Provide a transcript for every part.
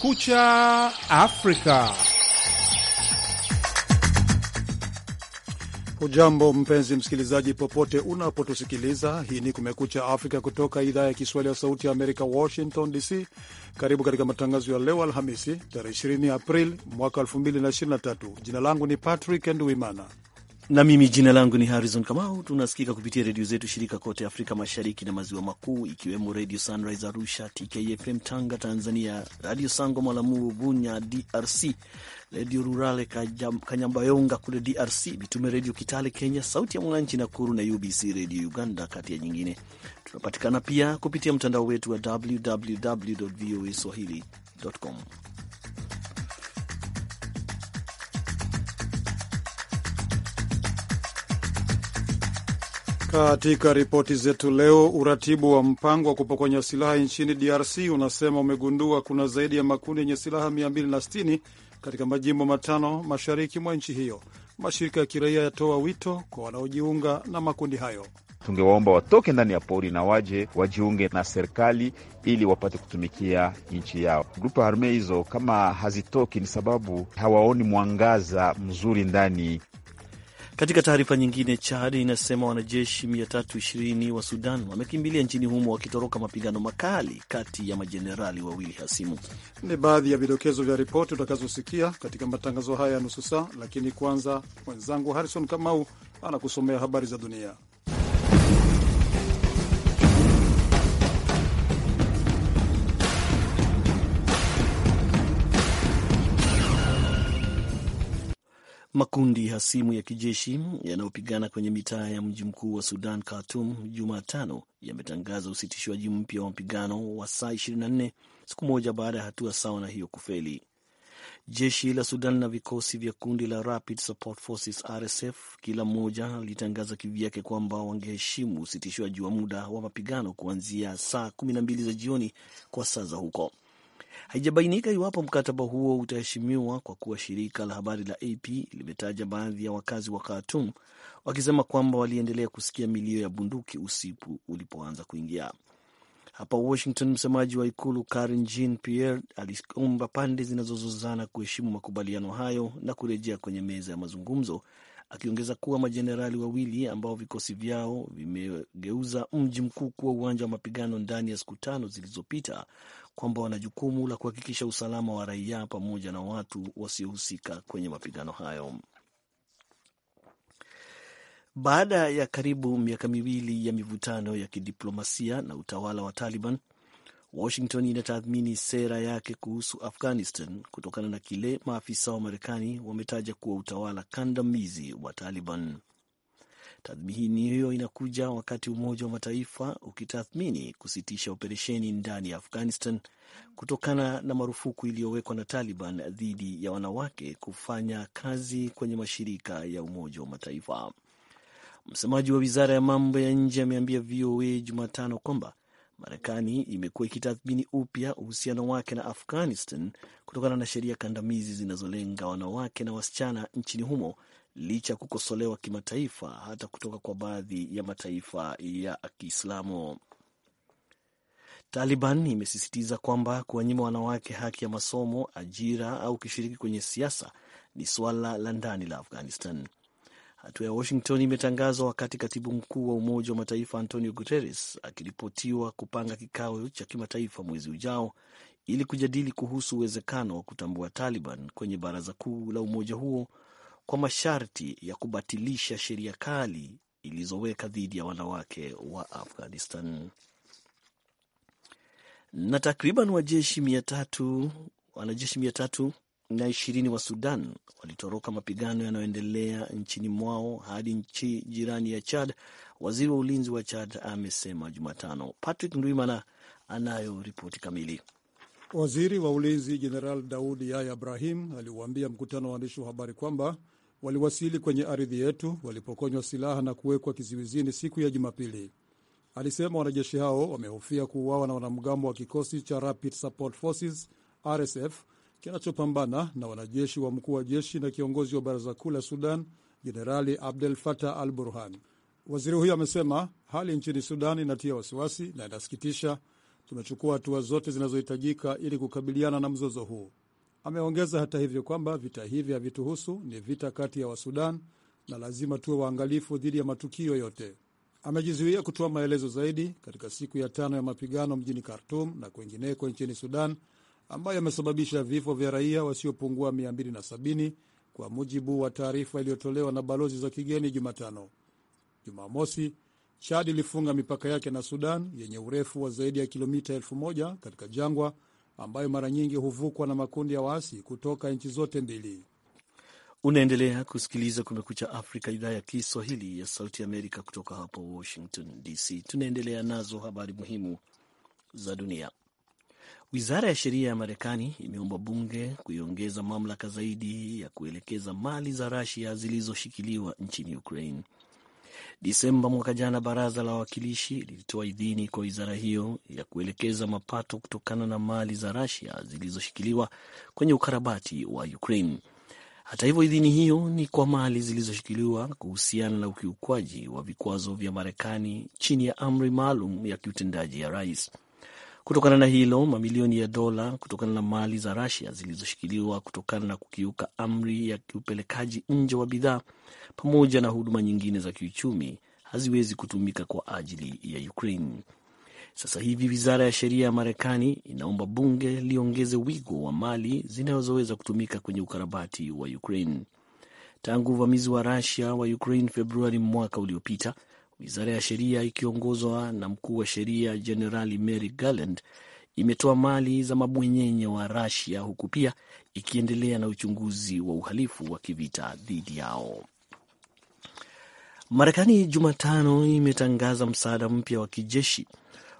Kumekucha Afrika. Ujambo mpenzi msikilizaji, popote unapotusikiliza. Hii ni Kumekucha Afrika kutoka idhaa ya Kiswahili ya Sauti ya Amerika, Washington DC. Karibu katika matangazo ya leo Alhamisi, tarehe 20 Aprili mwaka 2023. Jina langu ni Patrick nduimana na mimi jina langu ni Harrison Kamau. Tunasikika kupitia redio zetu shirika kote Afrika Mashariki na Maziwa Makuu, ikiwemo Redio Sunrise Arusha, TKFM Tanga Tanzania, Radio Sango Malamu Bunya DRC, Redio Rurale Kanyambayonga kule DRC, Mitume Redio Kitale Kenya, Sauti ya Mwananchi Nakuru na UBC Redio Uganda, kati ya nyingine. Tunapatikana pia kupitia mtandao wetu wa www voa swahili.com. Katika ripoti zetu leo, uratibu wa mpango wa kupokonya silaha nchini DRC unasema umegundua kuna zaidi ya makundi yenye silaha 260 katika majimbo matano mashariki mwa nchi hiyo. Mashirika ya kiraia yatoa wito kwa wanaojiunga na makundi hayo. Tungewaomba watoke ndani ya pori na waje wajiunge na serikali ili wapate kutumikia nchi yao. Grupu arme hizo kama hazitoki ni sababu hawaoni mwangaza mzuri ndani katika taarifa nyingine, Chad inasema wanajeshi 320 wa Sudan wamekimbilia nchini humo wakitoroka mapigano makali kati ya majenerali wawili hasimu. Ni baadhi ya vidokezo vya ripoti utakazosikia katika matangazo haya ya nusu saa, lakini kwanza mwenzangu Harrison Kamau anakusomea habari za dunia. Makundi hasimu ya kijeshi yanayopigana kwenye mitaa ya mji mkuu wa Sudan, Khartoum, Jumatano yametangaza usitishwaji mpya wa mpigano wa saa 24 siku moja baada ya hatua sawa na hiyo kufeli. Jeshi la Sudan na vikosi vya kundi la Rapid Support Forces RSF kila mmoja litangaza kivyake kwamba wangeheshimu usitishwaji wa muda wa mapigano kuanzia saa 12 za jioni kwa saa za huko. Haijabainika iwapo mkataba huo utaheshimiwa kwa kuwa shirika la habari la AP limetaja baadhi ya wakazi wa Khartoum wakisema kwamba waliendelea kusikia milio ya bunduki usiku ulipoanza kuingia. Hapa Washington, msemaji wa ikulu Karine Jean-Pierre aliomba pande zinazozozana kuheshimu makubaliano hayo na kurejea kwenye meza ya mazungumzo akiongeza kuwa majenerali wawili ambao vikosi vyao vimegeuza mji mkuu kuwa uwanja wa mapigano ndani ya siku tano zilizopita kwamba wana jukumu la kuhakikisha usalama wa raia pamoja na watu wasiohusika kwenye mapigano hayo. Baada ya karibu miaka miwili ya mivutano ya kidiplomasia na utawala wa Taliban, Washington inatathmini sera yake kuhusu Afghanistan kutokana na kile maafisa wa Marekani wametaja kuwa utawala kandamizi wa Taliban. Tathmini hiyo inakuja wakati Umoja wa Mataifa ukitathmini kusitisha operesheni ndani ya Afghanistan kutokana na marufuku iliyowekwa na Taliban dhidi ya wanawake kufanya kazi kwenye mashirika ya Umoja wa Mataifa. Msemaji wa wizara ya mambo ya nje ameambia VOA Jumatano kwamba Marekani imekuwa ikitathmini upya uhusiano wake na Afghanistan kutokana na sheria kandamizi zinazolenga wanawake na wasichana nchini humo licha ya kukosolewa kimataifa hata kutoka kwa baadhi ya mataifa ya Kiislamu. Taliban imesisitiza kwamba kuwanyima wanawake haki ya masomo, ajira au kishiriki kwenye siasa ni suala la ndani la Afghanistan. Hatua ya Washington imetangazwa wakati katibu mkuu wa Umoja wa Mataifa Antonio Guterres akiripotiwa kupanga kikao cha kimataifa mwezi ujao ili kujadili kuhusu uwezekano wa kutambua Taliban kwenye baraza kuu la umoja huo kwa masharti ya kubatilisha sheria kali ilizoweka dhidi ya wanawake wa Afghanistan. Na takriban wanajeshi mia tatu na ishirini wa Sudan walitoroka mapigano yanayoendelea nchini mwao hadi nchi jirani ya Chad, waziri wa ulinzi wa Chad amesema Jumatano. Patrick Ndwimana anayo ripoti kamili. Waziri wa ulinzi Jeneral Daudi Yaya Ibrahim aliwaambia mkutano wa waandishi wa habari kwamba waliwasili kwenye ardhi yetu walipokonywa silaha na kuwekwa kizuizini siku ya Jumapili. Alisema wanajeshi hao wamehofia kuuawa na wanamgambo wa kikosi cha Rapid Support Forces RSF kinachopambana na wanajeshi wa mkuu wa jeshi na kiongozi wa baraza kuu la Sudan, Jenerali Abdel Fattah al Burhan. Waziri huyo amesema hali nchini Sudan inatia wasiwasi na inasikitisha. Tumechukua hatua zote zinazohitajika ili kukabiliana na mzozo huu. Ameongeza hata hivyo kwamba vita hivi havituhusu, ni vita kati ya Wasudan na lazima tuwe waangalifu dhidi ya matukio yote. Amejizuia kutoa maelezo zaidi katika siku ya tano ya mapigano mjini Khartum na kwingineko nchini Sudan ambayo yamesababisha vifo vya raia wasiopungua 270 kwa mujibu wa taarifa iliyotolewa na balozi za kigeni Jumatano. Jumamosi, Chad ilifunga mipaka yake na Sudan yenye urefu wa zaidi ya kilomita elfu moja katika jangwa ambayo mara nyingi huvukwa na makundi ya waasi kutoka nchi zote mbili. Unaendelea kusikiliza Kumekucha Afrika, idhaa ya Kiswahili ya Sauti Amerika kutoka hapa Washington DC. Tunaendelea nazo habari muhimu za dunia. Wizara ya sheria ya Marekani imeomba bunge kuiongeza mamlaka zaidi ya kuelekeza mali za Rasia zilizoshikiliwa nchini Ukraine. Desemba mwaka jana, baraza la wawakilishi lilitoa idhini kwa wizara hiyo ya kuelekeza mapato kutokana na mali za Rasia zilizoshikiliwa kwenye ukarabati wa Ukraine. Hata hivyo, idhini hiyo ni kwa mali zilizoshikiliwa kuhusiana na ukiukwaji wa vikwazo vya Marekani chini ya amri maalum ya kiutendaji ya rais. Kutokana na hilo, mamilioni ya dola kutokana na mali za rasia zilizoshikiliwa kutokana na kukiuka amri ya kiupelekaji nje wa bidhaa pamoja na huduma nyingine za kiuchumi haziwezi kutumika kwa ajili ya Ukraine. Sasa hivi wizara ya sheria ya Marekani inaomba bunge liongeze wigo wa mali zinazoweza kutumika kwenye ukarabati wa Ukraine. Tangu uvamizi wa rasia wa Ukraine Februari mwaka uliopita, Wizara ya sheria ikiongozwa na mkuu wa sheria Jenerali Mary Garland imetoa mali za mabwenyenye wa Rasia huku pia ikiendelea na uchunguzi wa uhalifu wa kivita dhidi yao. Marekani Jumatano imetangaza msaada mpya wa kijeshi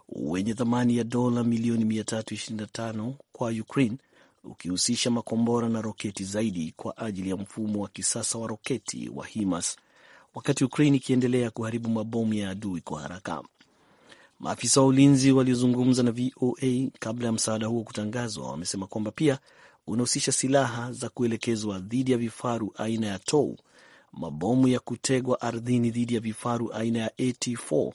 wenye thamani ya dola milioni 325 kwa Ukraine ukihusisha makombora na roketi zaidi kwa ajili ya mfumo wa kisasa wa roketi wa HIMARS wakati Ukraine ikiendelea kuharibu mabomu ya adui kwa haraka. Maafisa wa ulinzi waliozungumza na VOA kabla ya msaada huo kutangazwa wamesema kwamba pia unahusisha silaha za kuelekezwa dhidi ya vifaru aina ya Tou, mabomu ya kutegwa ardhini dhidi ya vifaru aina ya AT4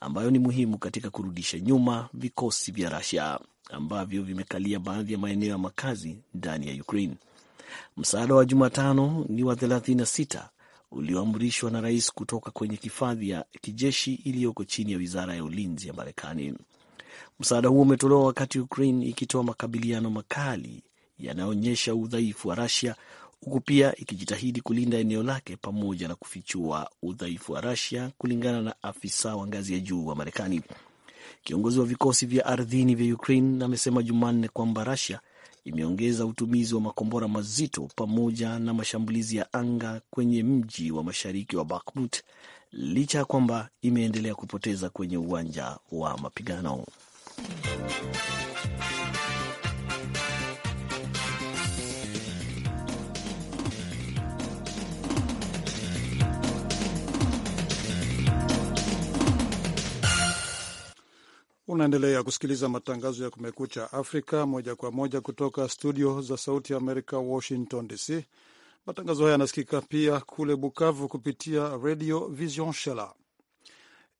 ambayo ni muhimu katika kurudisha nyuma vikosi vya Rusia ambavyo vimekalia baadhi ya maeneo ya makazi ndani ya Ukraine. Msaada wa Jumatano ni wa ulioamrishwa na rais kutoka kwenye hifadhi ya kijeshi iliyoko chini ya wizara ya ulinzi ya Marekani. Msaada huo umetolewa wakati Ukraine ikitoa makabiliano makali yanayoonyesha udhaifu wa rasia huku pia ikijitahidi kulinda eneo lake pamoja na kufichua udhaifu wa rasia kulingana na afisa wa ngazi ya juu wa Marekani. Kiongozi wa vikosi vya ardhini vya Ukraine amesema Jumanne kwamba rasia imeongeza utumizi wa makombora mazito pamoja na mashambulizi ya anga kwenye mji wa mashariki wa Bakhmut licha ya kwamba imeendelea kupoteza kwenye uwanja wa mapigano. Unaendelea kusikiliza matangazo ya Kumekucha Afrika moja kwa moja kutoka studio za Sauti ya Amerika, Washington DC. Matangazo haya yanasikika pia kule Bukavu kupitia Radio Vision Shala.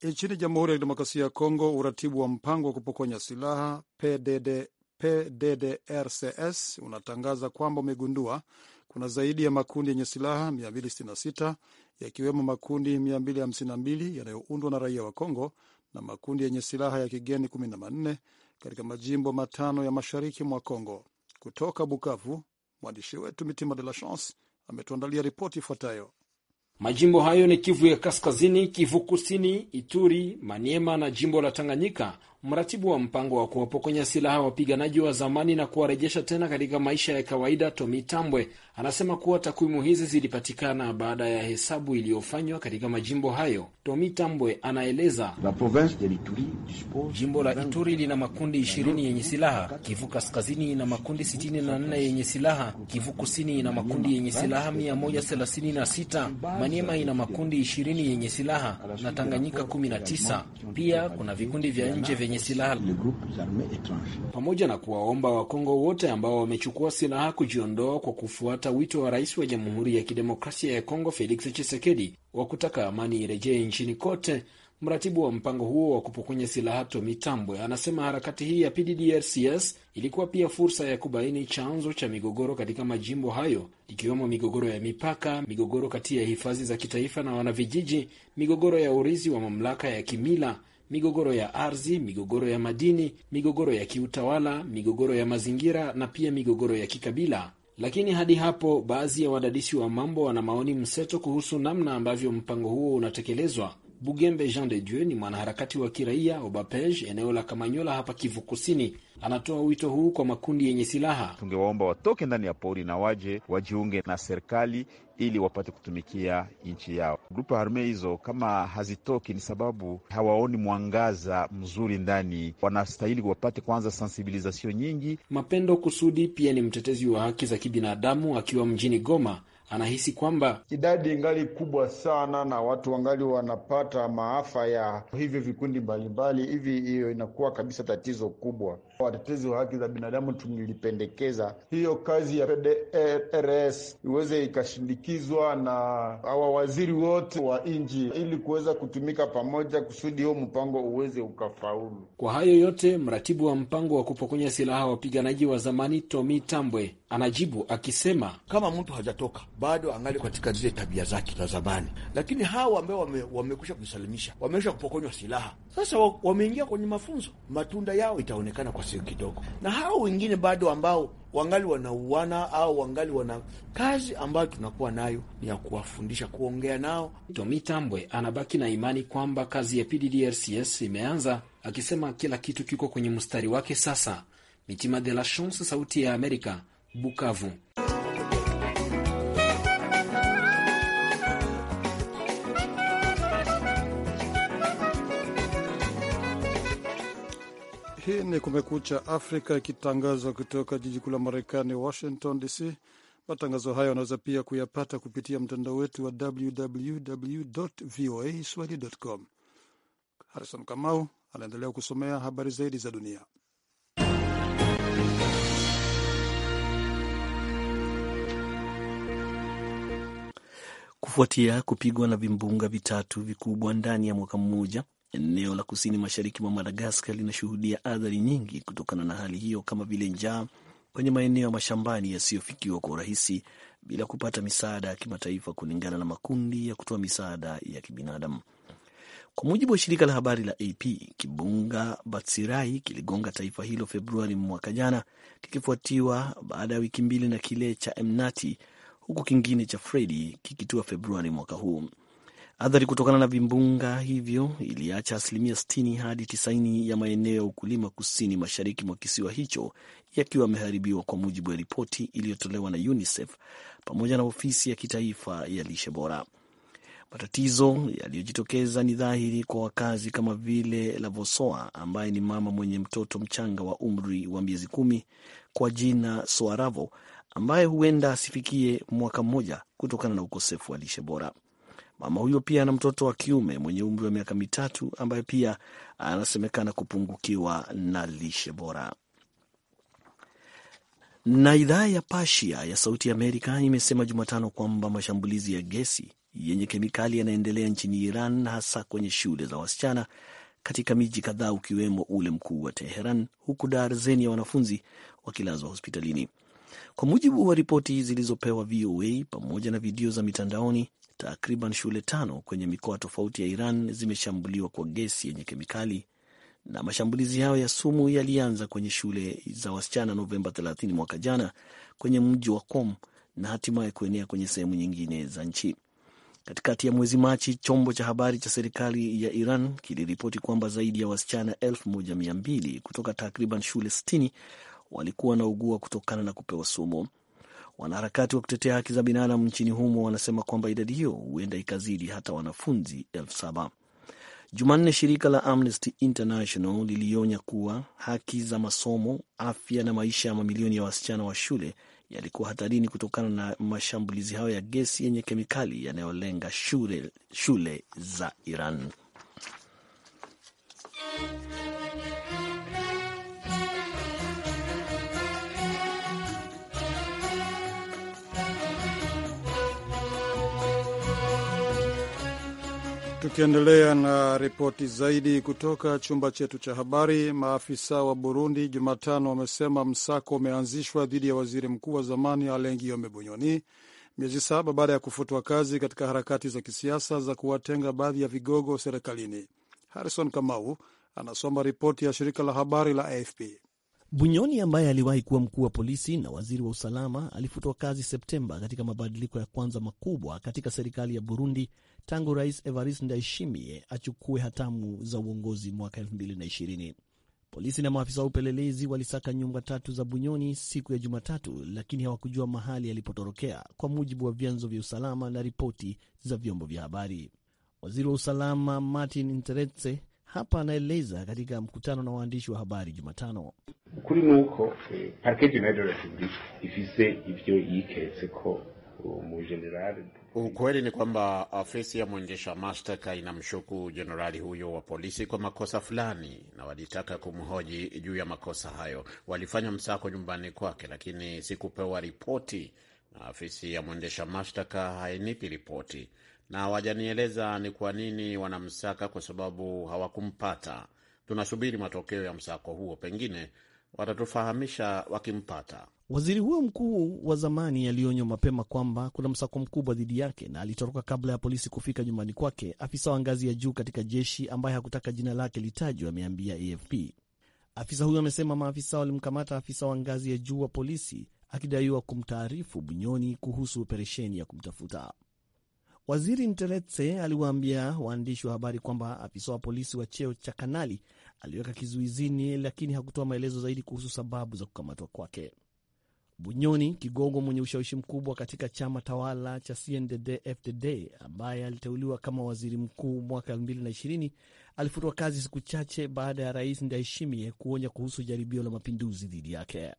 Nchini Jamhuri ya Kidemokrasia ya Kongo, uratibu wa mpango wa kupokonya silaha PDD, PDDRCS unatangaza kwamba umegundua kuna zaidi ya makundi yenye silaha 266 yakiwemo makundi 252 yanayoundwa na raia wa Kongo na makundi yenye silaha ya kigeni 14 katika majimbo matano ya mashariki mwa congo Kutoka Bukavu, mwandishi wetu Mitima De La Chance ametuandalia ripoti ifuatayo. Majimbo hayo ni Kivu ya Kaskazini, Kivu Kusini, Ituri, Maniema na jimbo la Tanganyika, Mratibu wa mpango wa kuwapokonya silaha wapiganaji wa zamani na kuwarejesha tena katika maisha ya kawaida, Tomi Tambwe, anasema kuwa takwimu hizi zilipatikana baada ya hesabu iliyofanywa katika majimbo hayo. Tomi Tambwe anaeleza la Lituri, jimbo la Ituri lina makundi ishirini yenye silaha, Kivu Kaskazini ina makundi sitini na nne yenye silaha, Kivu Kusini ina makundi yenye silaha mia moja thelathini na sita Maniema ina makundi ishirini yenye silaha na Tanganyika kumi na tisa Pia kuna vikundi vya nje vyenye wenye silaha pamoja na kuwaomba Wakongo wote ambao wamechukua silaha kujiondoa kwa kufuata wito wa rais wa Jamhuri ya Kidemokrasia ya Kongo Felix Tshisekedi wa kutaka amani irejee nchini kote. Mratibu wa mpango huo wa kupokonya silaha Tomi Tambwe anasema harakati hii ya PDDRCS ilikuwa pia fursa ya kubaini chanzo cha migogoro katika majimbo hayo, ikiwemo migogoro ya mipaka, migogoro kati ya hifadhi za kitaifa na wanavijiji, migogoro ya urithi wa mamlaka ya kimila migogoro ya ardhi, migogoro ya madini, migogoro ya kiutawala, migogoro ya mazingira na pia migogoro ya kikabila. Lakini hadi hapo, baadhi ya wadadisi wa mambo wana maoni mseto kuhusu namna ambavyo mpango huo unatekelezwa. Bugembe Jean de Dieu ni mwanaharakati wa kiraia Obapej, eneo la Kamanyola hapa Kivu Kusini. Anatoa wito huu kwa makundi yenye silaha: tungewaomba watoke ndani ya pori na waje wajiunge na serikali ili wapate kutumikia nchi yao. Grupu ya arme hizo kama hazitoki ni sababu hawaoni mwangaza mzuri ndani, wanastahili wapate kwanza sensibilizasio nyingi. Mapendo Kusudi pia ni mtetezi wa haki za kibinadamu akiwa mjini Goma anahisi kwamba idadi ingali kubwa sana na watu wangali wanapata maafa ya hivyo vikundi mbalimbali hivi, hiyo inakuwa kabisa tatizo kubwa watetezi wa haki za binadamu tungilipendekeza hiyo kazi ya PDRS iweze ikashindikizwa na hawa waziri wote wa nchi ili kuweza kutumika pamoja kusudi huo mpango uweze ukafaulu. Kwa hayo yote, mratibu wa mpango wa kupokonya silaha wapiganaji wa zamani Tomi Tambwe anajibu akisema, kama mtu hajatoka bado angali katika zile tabia zake za zamani, lakini hawa ambao wamekwisha wame kusalimisha, kupokonywa silaha, sasa wameingia kwenye mafunzo, matunda yao itaonekana kwa sio kidogo, na hao wengine bado ambao wangali wanauana au wangali wana kazi ambayo tunakuwa nayo ni ya kuwafundisha kuongea nao. Tomi Tambwe anabaki na imani kwamba kazi ya PDDRCS imeanza, akisema kila kitu kiko kwenye mstari wake. Sasa Mitima de la Chance, Sauti ya Amerika, Bukavu. Hii ni Kumekucha Afrika ikitangazwa kutoka jiji kuu la Marekani, Washington DC. Matangazo hayo wanaweza pia kuyapata kupitia mtandao wetu wa www voa swahili.com. Harison Kamau anaendelea kusomea habari zaidi za dunia. Kufuatia kupigwa na vimbunga vitatu vikubwa ndani ya mwaka mmoja, Eneo la kusini mashariki mwa Madagaskar linashuhudia athari nyingi kutokana na hali hiyo kama vile njaa kwenye maeneo ya mashambani yasiyofikiwa kwa urahisi bila kupata misaada ya kimataifa, kulingana na makundi ya kutoa misaada ya kibinadamu. Kwa mujibu wa shirika la habari la AP, kibunga Batsirai kiligonga taifa hilo Februari mwaka jana, kikifuatiwa baada ya wiki mbili na kile cha Emnati, huku kingine cha Fredi kikitua Februari mwaka huu. Athari kutokana na vimbunga hivyo iliacha asilimia 60 hadi 90 ya maeneo ya ukulima kusini mashariki mwa kisiwa hicho yakiwa yameharibiwa, kwa mujibu wa ripoti iliyotolewa na UNICEF pamoja na ofisi ya kitaifa ya lishe bora. Matatizo yaliyojitokeza ni dhahiri kwa wakazi kama vile Lavosoa ambaye ni mama mwenye mtoto mchanga wa umri wa miezi kumi kwa jina Soaravo ambaye huenda asifikie mwaka mmoja kutokana na ukosefu wa lishe bora. Mama huyo pia ana mtoto wa kiume mwenye umri wa miaka mitatu ambaye pia anasemekana kupungukiwa na lishe bora. Na idhaa ya Pasia ya Sauti ya Amerika imesema Jumatano kwamba mashambulizi ya gesi yenye kemikali yanaendelea nchini Iran, hasa kwenye shule za wasichana katika miji kadhaa ukiwemo ule mkuu wa Teheran, huku darzeni ya wanafunzi wakilazwa hospitalini. Kwa mujibu wa ripoti zilizopewa VOA pamoja na video za mitandaoni, Takriban shule tano kwenye mikoa tofauti ya Iran zimeshambuliwa kwa gesi yenye kemikali na mashambulizi hayo ya sumu yalianza kwenye shule za wasichana Novemba 30 mwaka jana kwenye mji wa Qom na hatimaye kuenea kwenye sehemu nyingine za nchi. Katikati ya mwezi Machi, chombo cha habari cha serikali ya Iran kiliripoti kwamba zaidi ya wasichana 1200 kutoka takriban shule 60 walikuwa wanaugua kutokana na kupewa sumu. Wanaharakati wa kutetea haki za binadamu nchini humo wanasema kwamba idadi hiyo huenda ikazidi hata wanafunzi elfu saba. Jumanne, shirika la Amnesty International lilionya kuwa haki za masomo, afya na maisha ya mamilioni ya wasichana wa shule yalikuwa hatarini kutokana na mashambulizi hayo ya gesi yenye kemikali yanayolenga shule, shule za Iran. Tukiendelea na ripoti zaidi kutoka chumba chetu cha habari, maafisa wa Burundi Jumatano wamesema msako umeanzishwa dhidi ya waziri mkuu wa zamani Alain Guillaume Bunyoni miezi saba baada ya kufutwa kazi katika harakati za kisiasa za kuwatenga baadhi ya vigogo serikalini. Harrison Kamau anasoma ripoti ya shirika la habari la AFP. Bunyoni ambaye aliwahi kuwa mkuu wa polisi na waziri wa usalama alifutwa kazi Septemba katika mabadiliko ya kwanza makubwa katika serikali ya Burundi tangu Rais Evariste Ndayishimiye achukue hatamu za uongozi mwaka 2020. Polisi na maafisa wa upelelezi walisaka nyumba tatu za Bunyoni siku ya Jumatatu, lakini hawakujua mahali yalipotorokea, kwa mujibu wa vyanzo vya usalama na ripoti za vyombo vya habari. Waziri wa usalama Martin Interetse hapa anaeleza katika mkutano na waandishi wa habari Jumatano. ukuri nuko parquet general ya republique ifise ivyo yiketse ko Ukweli ni kwamba afisi ya mwendesha mashtaka inamshuku jenerali huyo wa polisi kwa makosa fulani, na walitaka kumhoji juu ya makosa hayo. Walifanya msako nyumbani kwake, lakini sikupewa ripoti, na afisi ya mwendesha mashtaka hainipi ripoti, na wajanieleza ni kwa nini wanamsaka, kwa sababu hawakumpata. Tunasubiri matokeo ya msako huo, pengine watatufahamisha wakimpata. Waziri huyo mkuu wa zamani alionywa mapema kwamba kuna msako mkubwa dhidi yake na alitoroka kabla ya polisi kufika nyumbani kwake. Afisa wa ngazi ya juu katika jeshi ambaye hakutaka jina lake litajwa ameambia AFP. Afisa huyo amesema maafisa walimkamata afisa wa ngazi ya juu wa polisi akidaiwa kumtaarifu Bunyoni kuhusu operesheni ya kumtafuta. Waziri Nteretse aliwaambia waandishi wa habari kwamba afisa wa polisi wa cheo cha kanali aliweka kizuizini, lakini hakutoa maelezo zaidi kuhusu sababu za kukamatwa kwake. Bunyoni, kigogo mwenye ushawishi mkubwa katika chama tawala cha CNDD-FDD ambaye aliteuliwa kama waziri mkuu mwaka 2020 alifutwa kazi siku chache baada ya rais Ndayishimiye kuonya kuhusu jaribio la mapinduzi dhidi yake.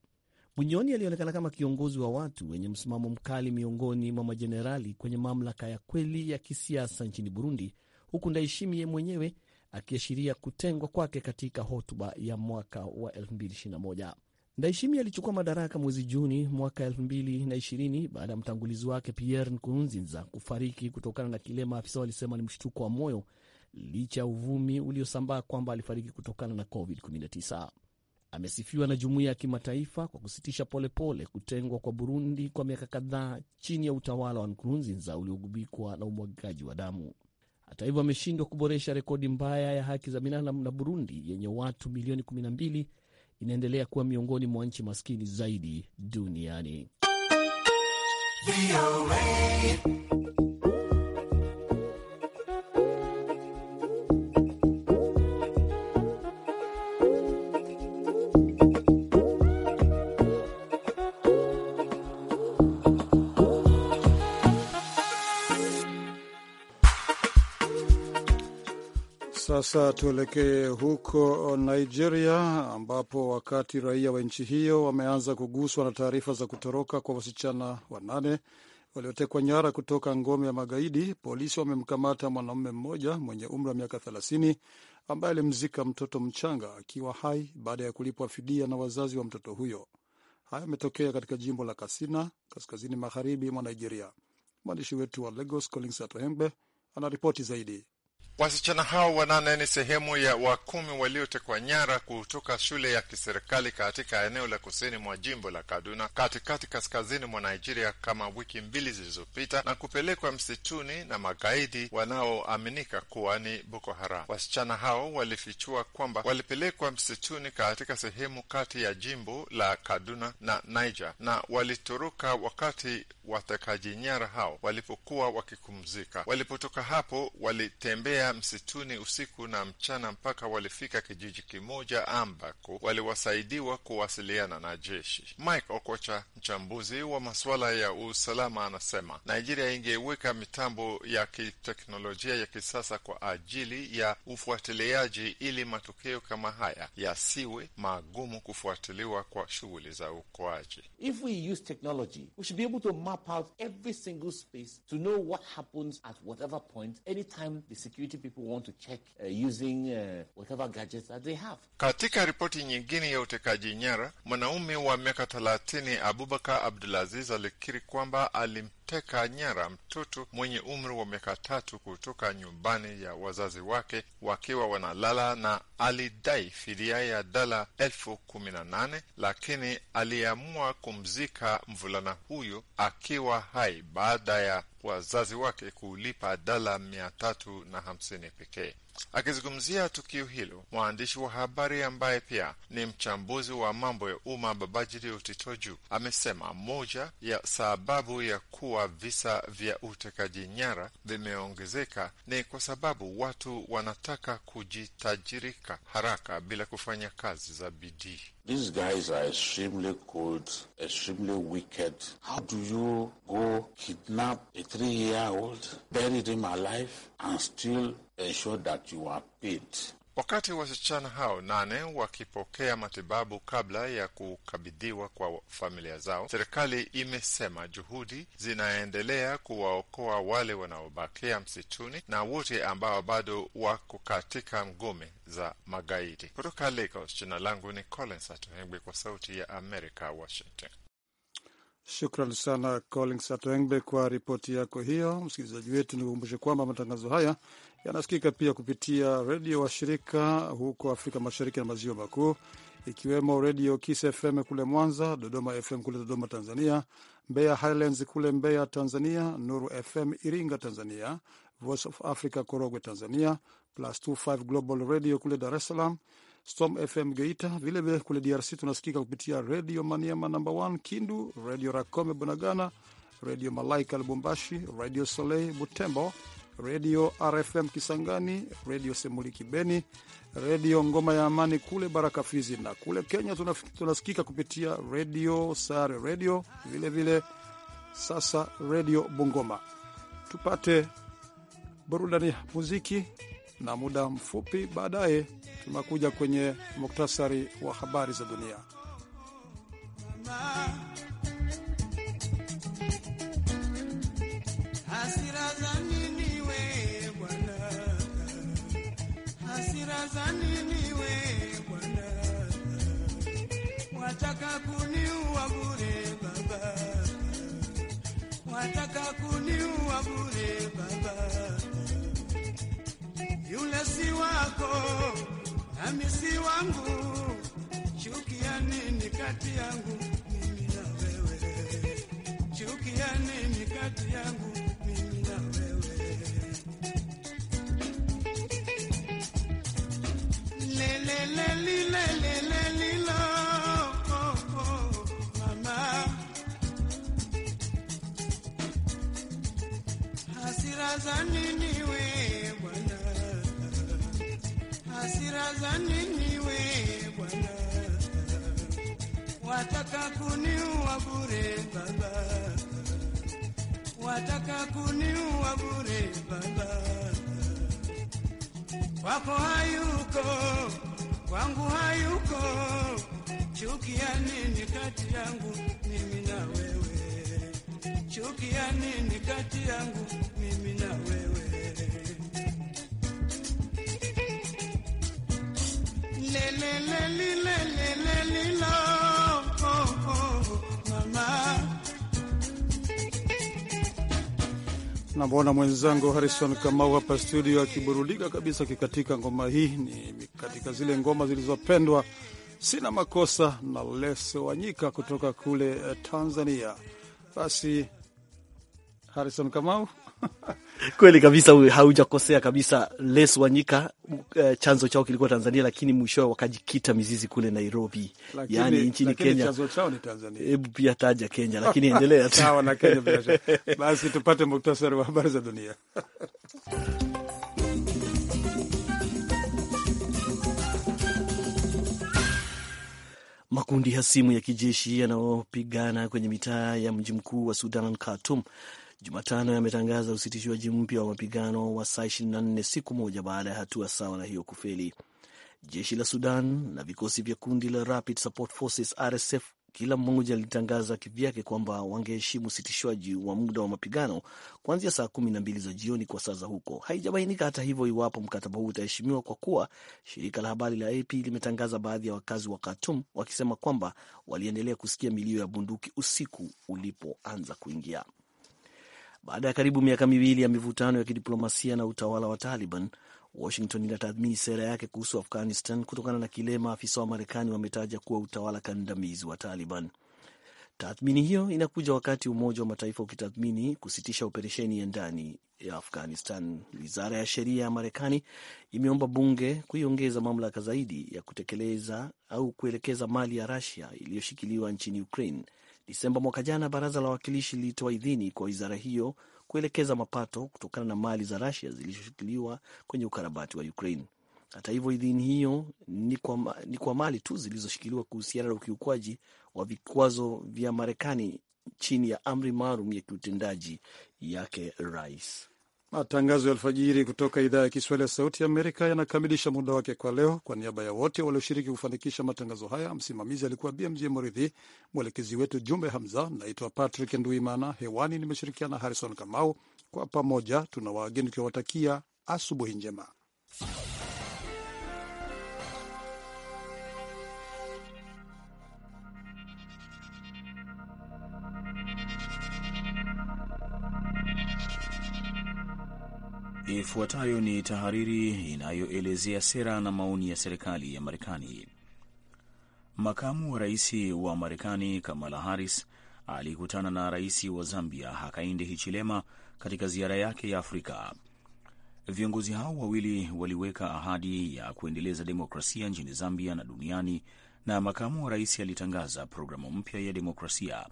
Bunyoni alionekana kama kiongozi wa watu wenye msimamo mkali miongoni mwa majenerali kwenye mamlaka ya kweli ya kisiasa nchini Burundi, huku Ndayishimiye mwenyewe akiashiria kutengwa kwake katika hotuba ya mwaka wa 2021. Ndaishimi alichukua madaraka mwezi Juni mwaka 2020 baada ya mtangulizi wake Pierre Nkurunziza kufariki kutokana na kile maafisa walisema ni mshtuko wa moyo, licha ya uvumi uliosambaa kwamba alifariki kutokana na COVID-19. Amesifiwa na jumuiya ya kimataifa kwa kusitisha polepole kutengwa kwa Burundi kwa miaka kadhaa chini ya utawala wa Nkurunziza uliogubikwa na umwagikaji wa damu. Hata hivyo, ameshindwa kuboresha rekodi mbaya ya haki za binadamu, na Burundi yenye watu milioni 12 inaendelea kuwa miongoni mwa nchi maskini zaidi duniani. Sasa tuelekee huko Nigeria, ambapo wakati raia wa nchi hiyo wameanza kuguswa na taarifa za kutoroka kwa wasichana wanane waliotekwa nyara kutoka ngome ya magaidi, polisi wamemkamata mwanaume mmoja mwenye umri wa miaka 30 ambaye alimzika mtoto mchanga akiwa hai baada ya kulipwa fidia na wazazi wa mtoto huyo. Haya yametokea katika jimbo la Katsina, kaskazini magharibi mwa Nigeria. Mwandishi wetu wa Lagos, Collins anaripoti zaidi. Wasichana hao wanane ni sehemu ya wakumi waliotekwa nyara kutoka shule ya kiserikali katika eneo la kusini mwa jimbo la Kaduna katikati kaskazini mwa Nigeria kama wiki mbili zilizopita na kupelekwa msituni na magaidi wanaoaminika kuwa ni Boko Haram. Wasichana hao walifichua kwamba walipelekwa msituni katika sehemu kati ya jimbo la Kaduna na Niger na walitoroka wakati watekaji nyara hao walipokuwa wakipumzika. Walipotoka hapo walitembea msituni usiku na mchana mpaka walifika kijiji kimoja ambako waliwasaidiwa kuwasiliana na jeshi. Mike Okocha, mchambuzi wa masuala ya usalama, anasema Nigeria ingeweka mitambo ya kiteknolojia ya kisasa kwa ajili ya ufuatiliaji ili matokeo kama haya yasiwe magumu kufuatiliwa kwa shughuli za uokoaji. If we use technology, we should be able to map out every single space to know what happens at whatever point anytime the security people want to check, uh, using, uh, whatever gadgets that they have. Katika ripoti nyingine ya utekaji nyara, mwanaume wa miaka 30 Abubakar Abdulaziz alikiri kwamba alim kumteka nyara mtoto mwenye umri wa miaka tatu kutoka nyumbani ya wazazi wake wakiwa wanalala, na alidai fidia ya dola elfu kumi na nane lakini aliamua kumzika mvulana huyo akiwa hai baada ya wazazi wake kulipa dola mia tatu na hamsini pekee. Akizungumzia tukio hilo, mwandishi wa habari ambaye pia ni mchambuzi wa mambo ya umma babajiri Utitoju amesema moja ya sababu ya kuwa visa vya utekaji nyara vimeongezeka ni kwa sababu watu wanataka kujitajirika haraka bila kufanya kazi za bidii. These guys are extremely cold, extremely wicked. How do you go kidnap a three year old, alive and still ensure that you are paid. Wakati wasichana hao nane wakipokea matibabu kabla ya kukabidhiwa kwa familia zao, serikali imesema juhudi zinaendelea kuwaokoa wale wanaobakia msituni na wote ambao bado wako katika ngome za magaidi. Kutoka Lagos, jina langu ni Collins Atoengwi kwa Sauti ya Amerika, Washington. Shukran sana Collins Atoengbe kwa ripoti yako hiyo. Msikilizaji wetu, nikukumbushe kwamba matangazo haya yanasikika pia kupitia redio wa shirika huko Afrika Mashariki na Maziwa Makuu, ikiwemo redio Kiss FM kule Mwanza, Dodoma FM kule Dodoma Tanzania, Mbeya Highlands kule Mbeya Tanzania, Nuru FM Iringa Tanzania, Voice of Africa Korogwe Tanzania, Plus 25 Global Radio kule Dar es Salaam, Storm FM Geita. Vilevile kule DRC tunasikika kupitia redio Maniema namba 1 Kindu, redio Rakome Bunagana, redio Malaika Lubumbashi, redio Soleil Butembo, redio RFM Kisangani, redio Semuliki Beni, redio Ngoma ya Amani kule Baraka Fizi, na kule Kenya tunasikika kupitia redio Sare redio vilevile, sasa redio Bungoma. Tupate burudani muziki, na muda mfupi baadaye tunakuja kwenye muktasari wa habari za dunia. wa bure baba, yule si wako nami si wangu, chukia nini kati yangu mimi na wewe? Chukia nini kati yangu za nini we bwana? Hasira za nini we bwana? Wataka kuniua bure baba, wataka kuniua bure baba. Wako hayuko kwangu hayuko, chukia nini kati yangu mimi na wewe? Chukia nini kati yangu Namwona mwenzangu Harrison Kamau hapa studio akiburudika kabisa, kikatika ngoma hii. Ni katika zile ngoma zilizopendwa, sina makosa na Lese Wanyika kutoka kule eh, Tanzania. Basi Harrison Kamau kweli kabisa, haujakosea kabisa. Les Wanyika uh, chanzo chao kilikuwa Tanzania, lakini mwishowe wakajikita mizizi kule Nairobi, lakini, yani nchini Kenya. Chanzo chao ni Tanzania, hebu pia taja Kenya, lakini endelea tu sawa na Kenya basi, tupate muktasari wa habari za dunia. Makundi hasimu ya kijeshi yanayopigana kwenye mitaa ya mji mkuu wa Sudan, Khartoum, Jumatano yametangaza usitishwaji mpya wa mapigano wa saa 24 siku moja baada ya hatua sawa na hiyo kufeli. Jeshi la Sudan na vikosi vya kundi la Rapid Support Forces RSF kila mmoja alitangaza kivyake kwamba wangeheshimu usitishwaji wa muda wa mapigano kuanzia saa kumi na mbili za jioni kwa saa za huko. Haijabainika hata hivyo iwapo mkataba huu utaheshimiwa, kwa kuwa shirika la habari la AP limetangaza baadhi ya wakazi wa Khartoum wakisema kwamba waliendelea kusikia milio ya bunduki usiku ulipoanza kuingia. Baada ya karibu miaka miwili ya mivutano ya kidiplomasia na utawala wa Taliban, Washington inatathmini sera yake kuhusu Afghanistan kutokana na kile maafisa wa Marekani wametaja kuwa utawala kandamizi wa Taliban. Tathmini hiyo inakuja wakati Umoja wa Mataifa ukitathmini kusitisha operesheni ya ndani ya Afghanistan. Wizara ya Sheria ya Marekani imeomba bunge kuiongeza mamlaka zaidi ya kutekeleza au kuelekeza mali ya rasia iliyoshikiliwa nchini Ukraine disemba mwaka jana, baraza la wawakilishi lilitoa idhini kwa wizara hiyo kuelekeza mapato kutokana na mali za Rusia zilizoshikiliwa kwenye ukarabati wa Ukraine. Hata hivyo, idhini hiyo ni kwa, ni kwa mali tu zilizoshikiliwa kuhusiana na ukiukwaji wa vikwazo vya Marekani chini ya amri maalum ya kiutendaji yake rais. Matangazo ya alfajiri kutoka idhaa ya Kiswahili ya Sauti ya Amerika yanakamilisha muda wake kwa leo. Kwa niaba ya wote walioshiriki kufanikisha matangazo haya, msimamizi alikuwa BMJ Moridhi, mwelekezi wetu Jumbe Hamza. Naitwa Patrick Nduimana, hewani nimeshirikiana Harrison Kamau. Kwa pamoja tuna waageni tukiwatakia asubuhi njema. Ifuatayo ni tahariri inayoelezea sera na maoni ya serikali ya Marekani. Makamu wa rais wa Marekani Kamala Harris alikutana na rais wa Zambia Hakainde Hichilema katika ziara yake ya Afrika. Viongozi hao wawili waliweka ahadi ya kuendeleza demokrasia nchini Zambia na duniani, na makamu wa rais alitangaza programu mpya ya demokrasia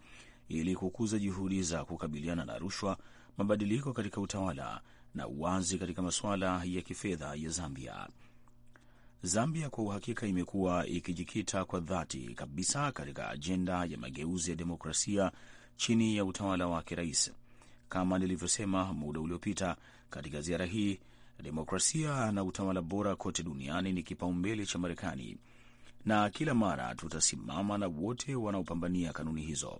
ili kukuza juhudi za kukabiliana na rushwa, mabadiliko katika utawala na uwazi katika masuala ya kifedha ya Zambia. Zambia kwa uhakika imekuwa ikijikita kwa dhati kabisa katika ajenda ya mageuzi ya demokrasia chini ya utawala wake rais. Kama nilivyosema muda uliopita katika ziara hii, demokrasia na utawala bora kote duniani ni kipaumbele cha Marekani, na kila mara tutasimama na wote wanaopambania kanuni hizo.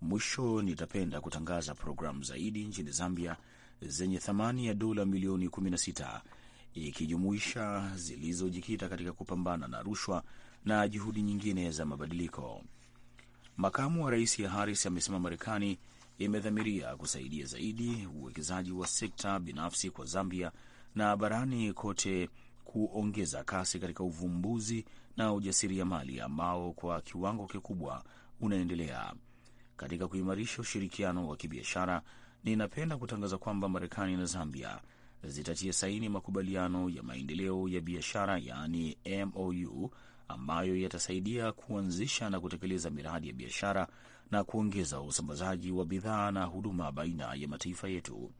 Mwisho, nitapenda kutangaza programu zaidi nchini Zambia zenye thamani ya dola milioni 16 ikijumuisha zilizojikita katika kupambana na rushwa na juhudi nyingine za mabadiliko. Makamu wa rais Harris amesema Marekani imedhamiria kusaidia zaidi uwekezaji wa sekta binafsi kwa Zambia na barani kote kuongeza kasi katika uvumbuzi na ujasiriamali ambao kwa kiwango kikubwa unaendelea katika kuimarisha ushirikiano wa kibiashara ninapenda kutangaza kwamba Marekani na Zambia zitatia saini makubaliano ya maendeleo ya biashara yaani MOU ambayo yatasaidia kuanzisha na kutekeleza miradi ya biashara na kuongeza usambazaji wa bidhaa na huduma baina ya mataifa yetu.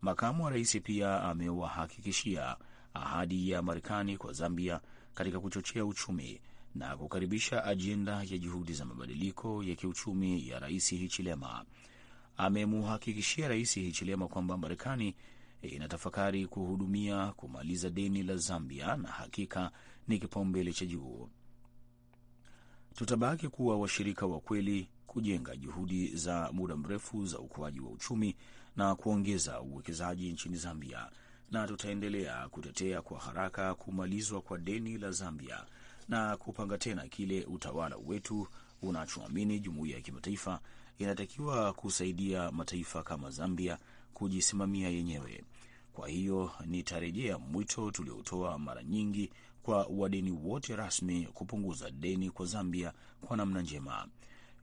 Makamu wa rais pia amewahakikishia ahadi ya Marekani kwa Zambia katika kuchochea uchumi na kukaribisha ajenda ya juhudi za mabadiliko ya kiuchumi ya Rais Hichilema amemuhakikishia Rais Hichilema kwamba Marekani inatafakari kuhudumia kumaliza deni la Zambia na hakika ni kipaumbele cha juu. Tutabaki kuwa washirika wa kweli, kujenga juhudi za muda mrefu za ukuaji wa uchumi na kuongeza uwekezaji nchini Zambia, na tutaendelea kutetea kwa haraka kumalizwa kwa deni la Zambia na kupanga tena kile utawala wetu unachoamini jumuiya ya kimataifa inatakiwa kusaidia mataifa kama Zambia kujisimamia yenyewe. Kwa hiyo nitarejea mwito tuliotoa mara nyingi kwa wadeni wote rasmi kupunguza deni kwa Zambia kwa namna njema.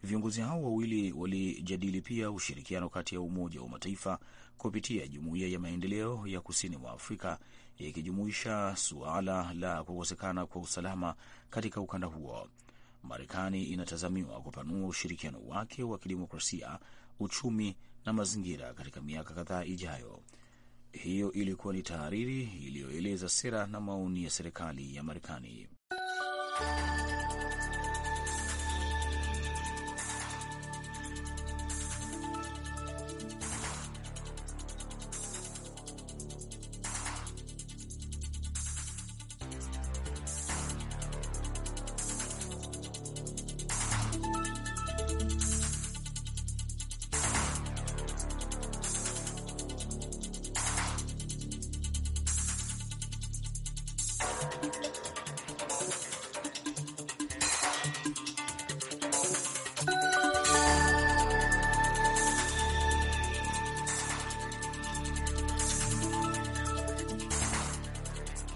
Viongozi hao wawili walijadili pia ushirikiano kati ya Umoja wa Mataifa kupitia Jumuiya ya Maendeleo ya Kusini mwa Afrika, ikijumuisha suala la kukosekana kwa usalama katika ukanda huo. Marekani inatazamiwa kupanua ushirikiano wake wa kidemokrasia, uchumi na mazingira katika miaka kadhaa ijayo. Hiyo ilikuwa ni tahariri iliyoeleza sera na maoni ya serikali ya Marekani.